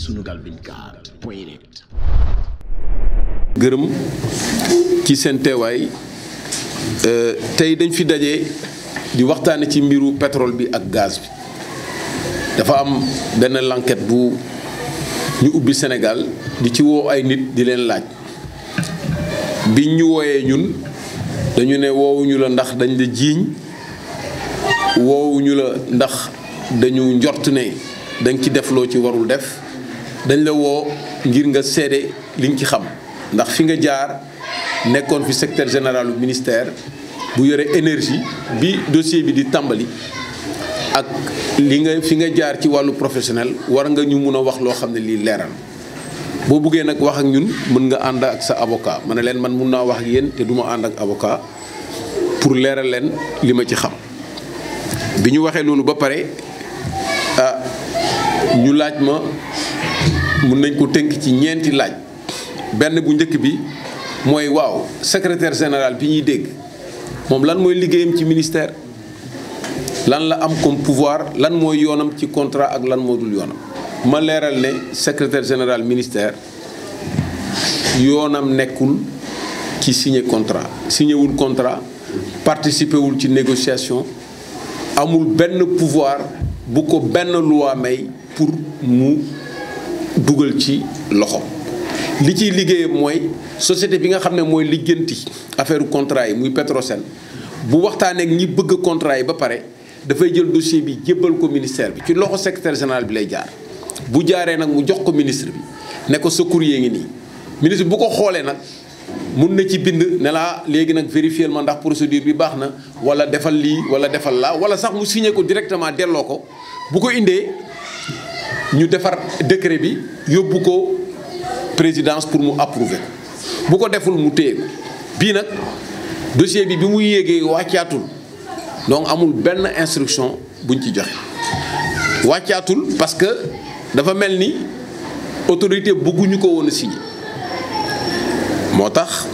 Sunugal 24 gërëm ci seen teewaay euh, tey dañ fi daje di waxtaane ci mbiru petrol bi ak gaz bi dafa am benn enquête bu ñu ubbi senegal di ci woo ay nit di leen laaj bi ñu wooyee ñun dañu ne woowuñu la ndax dañ la jiiñ woowuñu la ndax dañu njort ne danga ci def loo ci warul def dañ la woo ngir nga seede liñ ci xam ndax fi nga jaar nekkoon fi secteur général ministère bu yore énergie bi dossier bi di tàmbali ak li nga fi nga jaar ci wàllu professionnel war nga ñu mun a wax loo xam ne lii leeral boo buggee nag wax ak ñun mën nga ànd ak sa avocat ma ne leen man mun naa wax ak yéen te du ma ànd ak avocat pour leeral leen li ma ci xam bi ñu waxee loolu ba pare ah ñu laaj ma mun nañ ko tënk ci ñeenti laaj benn bu njëkk bi mooy waaw secretaire général bi ñuy dégg moom lan mooy liggéeyam ci ministère lan la am comme pouvoir lan mooy yoonam ci contrat ak lan moo dul yoonam ma leeral ne secrétaire général ministère yoonam nekkul ci signer contrat signé contrat participé wul ci négociation amul benn pouvoir bu ko benn loi may pour mu dugal ci loxo li ciy liggéeyam mooy société bi nga xam ne mooy liggéenti affaire contrat yi muy Petrosen bu waxtaaneek ak ñi bëgg contrat yi ba pare dafay jël dossier bi jébbal ko ministère bi. ci loxo secrétaire général bi lay jaar bu jaaree nag mu jox ko ministre bi ne ko sa courrier ngi nii ministre bu ko xoolee nag. mun na ci bind ne léegi nag vérifier ma ndax procédure bi baax na wala defal lii wala defal laa wala sax mu signé ko directement delloo ko bu ko indee ñu defar décret bi yóbbu ko présidence pour mu approuver bu ko deful mu téye ko bii nag dossier bi bi mu yéegee wàccaatul donc amul benn instruction buñ ci jox wàccaatul parce que dafa mel ni autorité bëgguñu ko woon a moo tax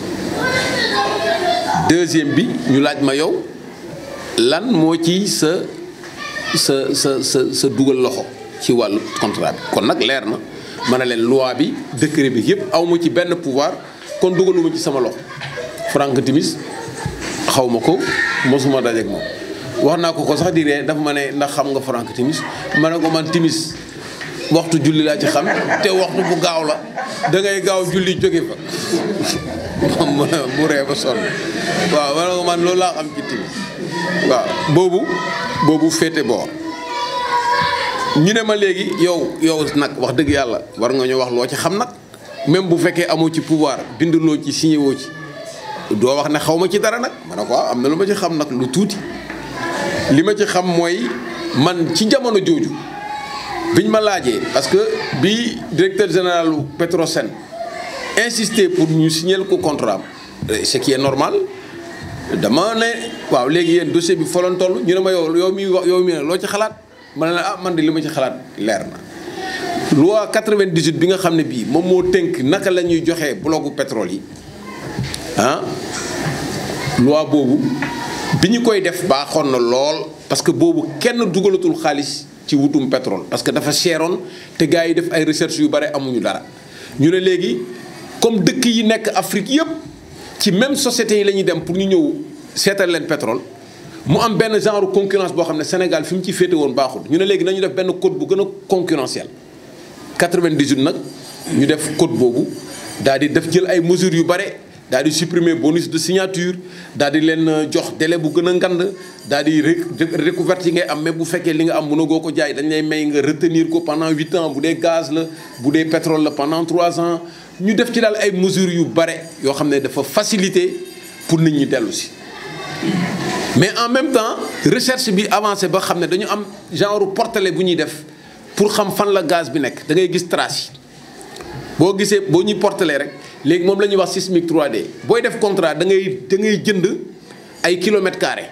deuxième bi ñu laaj ma yow lan moo ci sa sa sa sa sa dugal loxo ci wàll contrat bi kon nag leer na ma ne leen loi bi décret bi yépp aw ma ci benn pouvoir kon dugaluma ci sama loxo Franck Timis xaw ma ko mosuma dajeeg moom wax naa ko ko sax di ree dafa ma ne ndax xam nga Franck Timis ma ne ko man Timis waxtu julli laa ci xam te waxtu bu gaaw la da ngay gaaw julli jóge fa mu ree ba waaw man loolu laa xam ci timis waaw boobu boobu féete boor ñu ne ma léegi yow yow nag wax dëgg yàlla war nga ñu wax loo ci xam nag même bu fekkee amoo ci pouvoir binduloo ci signé woo ci doo wax ne xaw ma ci dara nag ma ne ko ah, am na lu ma ci xam nag lu tuuti li ma ci xam mooy man ci jamono jooju ñu ma laajee parce que bi directeur général Petrosen insisté pour ñu signer ko contrat euh, ce qui est normal dama ne waaw léegi yéen dossier bi foloon toll ñu ne ma yow yow mi yow mi ne loo ci xalaat ma ne la ah man de li ma ci xalaat leer na. loi 98 bi nga xam ne bii moom moo tënk naka la ñuy joxee blocu pétrole yi ah loi boobu bi ñu koy def baaxoon na lool parce que boobu kenn dugalatul xaalis. ci wutum pétrole parce que dafa seeroon te gars yi def ay recherche yu bare amuñu dara ñu ne léegi comme dëkk yi nekk Afrique yëpp ci même société yi la ñuy dem pour ñu ñëw seetal leen pétrole mu am benn genre concurrence boo xam ne Sénégal fi mu ci féete woon baaxul ñu ne léegi nañu def benn code bu gën a concurrentiel 98 nag ñu def code boobu daal di def jël ay mesures yu bare daal di supprimer bonus de signature daal di leen euh, jox délai bu gën a ngand daal di recouverte yi ngay am mais bu fekkee li nga am mënagoo ko jaay dañ lay may nga retenir ko pendant huit ans bu dee gaz la bu dee pétrole la pendant trois ans ñu def ci daal ay mesures yu bare yoo xam ne dafa facilité pour nit ñi dellusi mais en même temps recherche bi avancé ba xam ne dañu am genre portale bu ñuy def pour xam fan la gaz bi nekk da ngay gis trace boo gisee boo ñuy portale rek léegi moom la ñuy wax sismique 3D booy def contrat da ngay da ngay jënd ay kilomètres carrés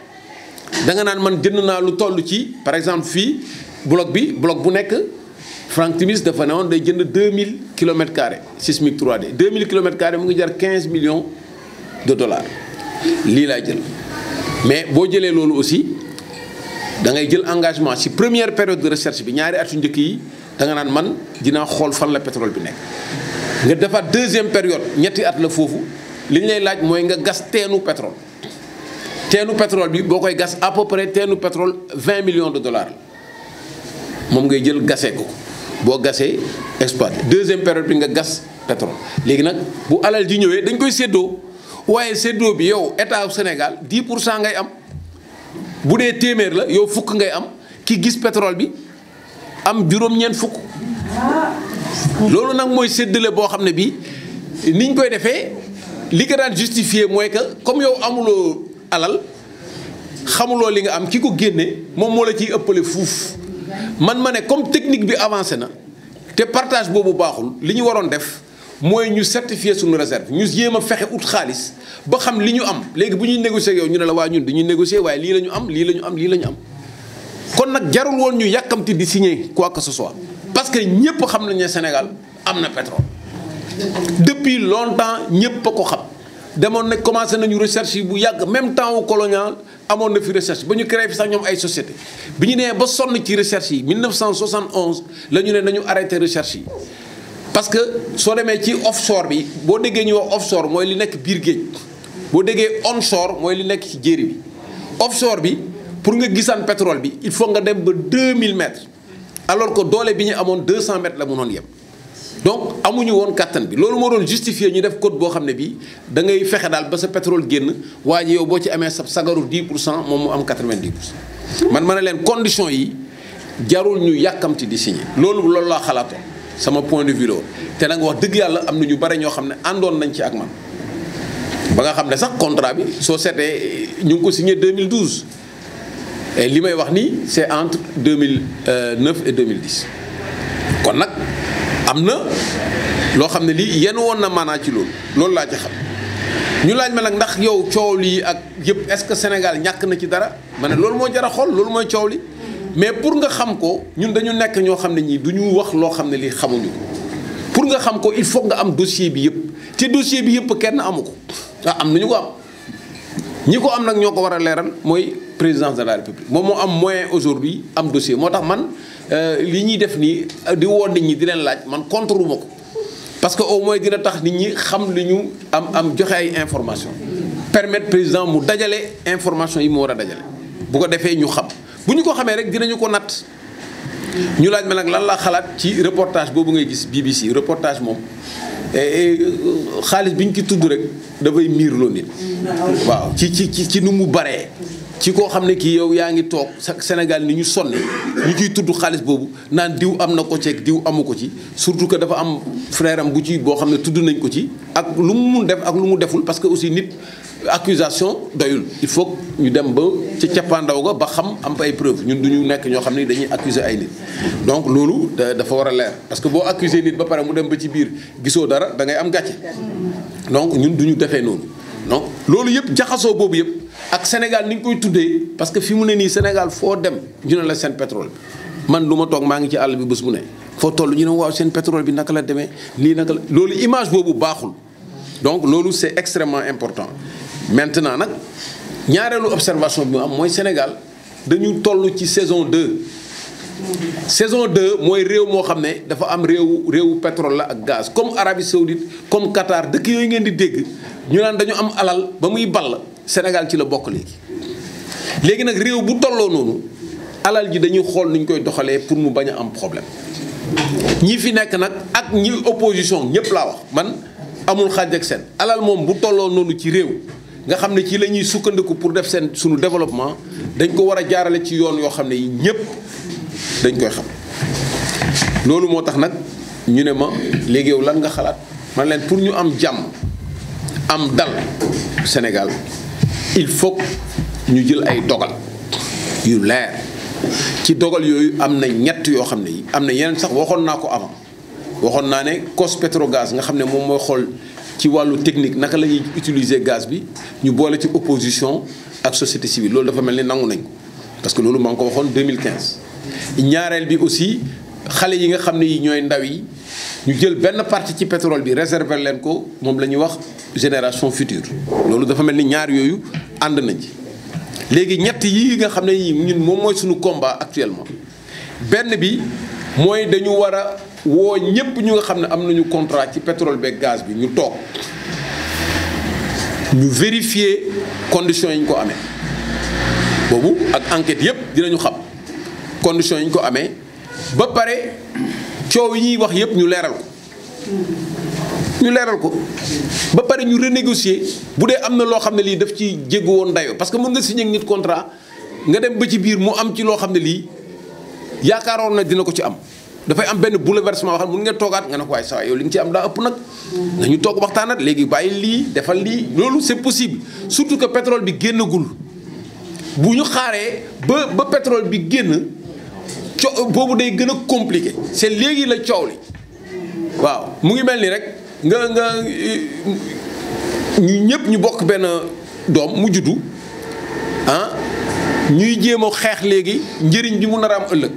da nga naan man jënd naa lu toll ci par exemple fii bloc bi bloc bu nekk Frank Timis dafa ne woon day jënd 2000 kilomètres carrés sismique 3D 2000 kilomètres carrés mu ngi jar 15 millions de dollars lii laa jël mais boo jëlee loolu aussi da ngay jël engagement ci première période de recherche bi ñaari atu njëkk yi da nga naan man dinaa xool fan la pétrole bi nekk. nga defaat deuxième période ñetti at la foofu li ñu lay laaj mooy nga gas teenu pétrole. teenu pétrole bi boo koy gas à peu près teenu pétrole 20 millions de dollars la moom ngay jël gase ko boo gasee exploité deuxième période bi nga gas pétrole. léegi nag bu alal ji ñëwee dañ koy séddoo waaye séddoo bi yow état Sénégal 10 pour cent ngay am bu dee téeméer la yow fukk ngay am ki gis pétrole bi am juróom-ñeent fukk. loolu nag mooy séddale boo xam ne bii niñ koy defee li ko daan justifier mooy que comme yow amuloo alal xamuloo li nga am ki ko génne moom moo la ci ëppale fuuf man ma ne comme technique bi avancé na te partage boobu baaxul li ñu waroon def mooy ñu certifier suñu réserve ñu jéem a fexe ut xaalis ba xam li ñu am léegi bu ñuy négocier yow ñu ne la waa ñun dañuy négocier waaye lii la ñu am lii la ñu am lii la am kon nag jarul woon ñu yàkkamti di signer quoi que ce soit parce que ñëpp xam nañ ne Sénégal am na pétrole depuis longtemps ñëpp a ko xam demoon na commencé nañu recherche yi bu yàgg même temps wu colonial amoon na fi recherche ba ñu créé fi sax ñoom ay société bi ñu nee ba sonn ci recherche yi 1971 la ñu ne nañu arrêté recherche yi parce que soo demee ci offshore bi boo déggee ñuy wax offshore mooy li nekk biir géej boo déggee onshore mooy li nekk ci jéeri bi offshore bi pour nga gisaan pétrole bi il faut nga dem ba 2000 mètres alors que doole bi ñu amoon 200 mètres la mënoon yem donc amuñu woon kàttan bi loolu moo doon justifier ñu def code boo xam ne bii da ngay fexe daal ba sa pétrole génn waaye yow boo ci amee sa sagaru 10 pour cent moom mu am 90 pour cent man ma ne leen conditions yi jarul ñu yàkkamti di signé loolu loolu laa xalaatoon sama point de vue la woon te nag wax dëgg yàlla am na ñu bare ñoo xam ne àndoon nañ ci ak man ba nga xam ne sax contrat bi soo seetee ñu ngi ko signé 2012. et li may wax nii c'est entre 2009 et 2010 kon nag am na loo xam ne lii yenn woon na maanaa ci loolu loolu laa ci xam ñu laaj ma nag ndax yow coow lii ak yëpp est-ce que Sénégal ñàkk na ci dara ma ne loolu moo jar a xool loolu mooy coow li mais pour nga xam ko ñun dañu nekk ñoo xam ne ñii du ñu wax loo xam ne lii xamuñu ko pour nga xam ko il faut nga am dossier bi yëpp te dossier bi yëpp kenn amu ko ah am nañu ko am ñi ko am nag ñoo ko war a leeral mooy. présidence de la république moom moo am moyen aujourd'hui am dossier moo tax man euh, li ñuy def nii di woon nit ñi di leen laaj man contre ma ko parce que au moins dina tax nit ñi xam li ñu am am joxe ay information permettre président mu dajale information yi mu war a dajale bu ko defee ñu xam bu ñu ko xamee rek dinañu ko nat ñu laaj ma nag lan laa xalaat ci reportage boobu ngay gis BBC reportage moom eh, eh, xaalis bi ñu ci tudd rek dafay miir loo nit mm. waaw ci ci koo xam ne kii yow yaa ngi toog Sénégal ni ñu sonne ñu ciy tudd xaalis boobu naan diw am na ko ceeg diw amu ko ci surtout que dafa am frère bu ci boo xam ne tudd nañ ko ci ak lu mu mun def ak lu mu deful parce que aussi nit accusation doyul il faut ñu dem ba ca cappaandaw ga ba xam am ay preuve ñun du ñu nekk ñoo xam ne dañuy accuser ay nit donc loolu dafa war a leer parce que boo accuser nit ba pare mu dem ba ci biir gisoo dara da ngay am gàcce donc ñun du ñu defee noonu donc loolu yëpp jaxasoo boobu yëpp ak Sénégal ni ñu koy tuddee parce que fi mu ne nii Sénégal foo dem ñu ne la seen pétrole bi man lu ma toog maa ngi ci àll bi bés bu ne foo toll ñu ne waaw seen pétrole bi naka la demee lii naka la loolu image boobu baaxul donc loolu c'est extrêmement important maintenant nag ñaareelu observation bi mu am mooy Sénégal dañu toll ci saison 2 saison 2 mooy réew moo xam ne dafa am réewu réewu pétrole la ak gaz comme Arabie Saoudite comme Qatar dëkk yooyu ngeen di dégg ñu naan dañu am alal ba muy ball Sénégal ci la bokk léegi léegi nag réew bu tolloo noonu alal ji dañuy xool nuñ koy doxalee pour mu bañ a am problème ñi fi nekk nag ak ñi opposition ñëpp laa wax man amul xaaj ak seen alal moom bu tolloo noonu ci réew nga xam ne ci la ñuy sukkandiku pour def seen suñu développement dañ ko war a jaarale ci yoon yoo xam ne yi ñëpp dañ koy xam loolu moo tax nag ñu ne ma léegi lan nga xalaat man leen pour ñu am jàmm am dal Sénégal il faut ñu jël ay dogal yu leer ci dogal yooyu am na ñett yoo xam ne yi am na yeneen sax waxoon naa ko avant waxoon naa ne cos pétrogaz nga xam ne moom mooy xool ci wàllu technique naka la ñuy utiliser gaz bi ñu boole ci opposition ak société civile loolu dafa mel ni nangu nañ ko parce que loolu maa ko waxoon 2015. ñaareel bi aussi xale yi nga xam ne yi ñooy ndaw yi ñu jël benn partie ci pétrole bi réserver leen ko moom la ñuy wax génération future loolu dafa ànd nañ ci léegi ñett yi nga xam ne ñun moom mooy suñu combat actuellement benn bi mooy dañu war a woo ñëpp ñu nga xam ne am nañu contrat ci pétrole beeg gaz bi ñu toog ñu vérifier conditions yi ñu ko amee boobu ak enquête yëpp dinañu xam conditions yi ñu ko amee ba pare coow yi ñuy wax yëpp ñu leeral ko ñu leeral ko ba pare ñu renégocier bu dee am na loo xam ne lii daf ci jéggu woon dayoo parce que mën nga si ak nit contrat nga dem ba ci biir mu am ci loo xam ne lii yaakaaroon na dina ko ci am dafay am benn bouleversement wax mun ngeen toogaat nga ne ko waaye saa yow am daa ëpp nañu toog waxtaanat léegi bàyyi lii defal lii loolu c'est possible surtout que pétrole bi génnagul bu ñu xaaree ba ba bi génn co boobu day gën a compliqué c'est léegi la coow li waaw mu ngi mel ni rek nga nga ñu ñëpp ñu bokk benn doom mu juddu ah ñuy jéem a xeex léegi njëriñ bi mu nar a am ëllëg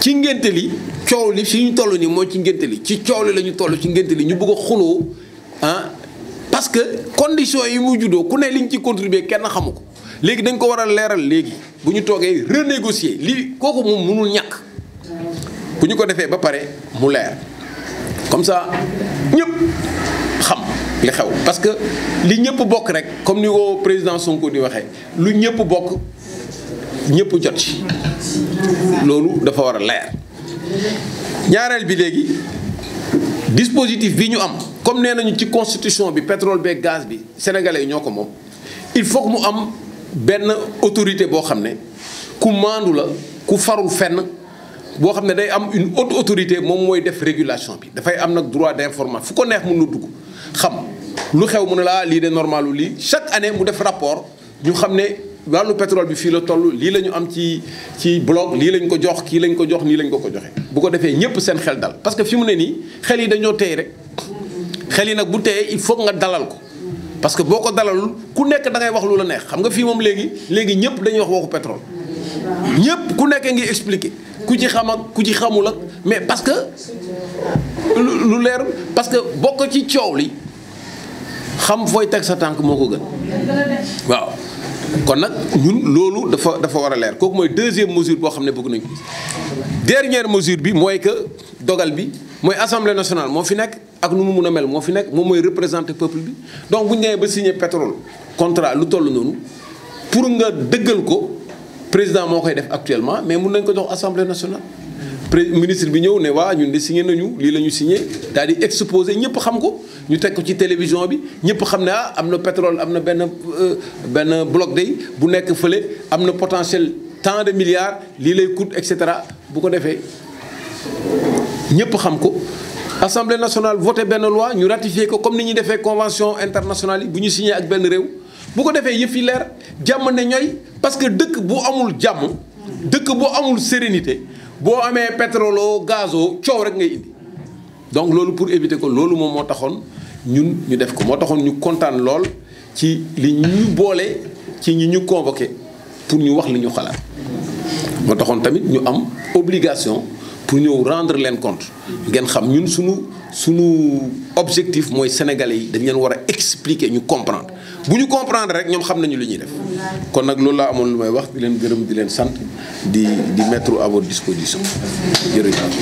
ci ngénte li coow li si ñu toll nii mooy ci ngénte li ci coow li la ñu toll ci ngénte li ñu bugg xuloo ah parce que condition yi mu juddoo ku ne liñ ci contribuer kenn xamu ko léegi dañ ko war a leeral léegi bu ñu toogee renégocier li kooku moom mënul ñàkk bu ñu ko defee ba pare mu leer. comme ça ñëpp xam li xew parce que li ñëpp bokk rek comme ni ko président Sonko di waxee lu ñëpp bokk ñëpp jot ci loolu dafa war a leer ñaareel bi léegi dispositif bi ñu am comme nee nañu ci constitution bi pétrole bee gaz bi sénégalais yi ñoo ko moom il faut mu am benn autorité boo xam ne ku maandu la ku farul fenn boo xam ne day am une haute autorité moom mooy def régulation bi dafay am nag droit d'information fu ko neex mën na dugg xam lu xew mu ne laa lii de normal lii chaque année mu def rapport ñu xam ne wàllu pétrole bi fii la toll lii la ñu am ci ci bloc lii lañ ko jox kii lañ ko jox nii lañ ko ko joxe. bu ko defee ñëpp seen xel dal parce que fi mu ne nii xel yi dañoo téye rek xel yi nag bu téye il faut nga dalal ko. parce que boo ko dalalul ku nekk da ngay wax lu la neex xam nga fii moom léegi léegi ñëpp dañuy wax waxu pétrole. ñëpp ku nekk ngi expliquer ku ci xam ak ku ci xamul ak mais parce que lu leer parce que bokk ci coow li xam fooy teg sa tànk moo ko gën waaw kon nag ñun loolu dafa dafa war a leer kooku mooy deuxième mesure boo xam ne bëgg nañu ko dernière bi mooy que dogal bi mooy assemblée nationale moo fi nekk ak nu mu mun a mel moo fi nekk moom mooy représenter peuple bi donc bu ñu demee ba signer pétrole contrat lu toll noonu pour nga dëggal ko. président moo koy def actuellement mais mun nañ ko jox assemblée nationale. ministre bi ñëw ne waa ñun de signé nañu lii la ñu signé daal di exposé ñëpp xam ko ñu teg ko ci télévision bi ñëpp xam ne ah am na pétrole am na benn euh, benn bloc day bu nekk fële am na potentiel tant de milliards lii lay coûte et cetera bu ko defee ñëpp xam ko. Assemblée nationale voté benn loi ñu ratifié ko comme ni ñuy defee convention internationale yi bu ñu signé ak benn réew. bu ko defee yëf yi leer jàmm ne ñooy parce que dëkk bu amul jàmm dëkk bu amul sérénité boo amee pétrolo o coow rek ngay indi donc loolu pour éviter ko loolu moom moo taxoon ñun ñu def ko moo taxoon ñu kontaan lool ci li ñu boole ci ñi ñu convoqué pour ñu wax li ñu xalaat moo taxoon tamit ñu am obligation pour ñëw rendre leen compte ngeen xam ñun suñu suñu objectif mooy sénégalais yi dañ leen war a expliquer ñu comprendre bu ñu comprendre rek ñoom xam nañu li ñuy def kon nag loolu laa amoon lu may wax di leen gërëm di leen sant di di mettre à votre disposition jërëjëf.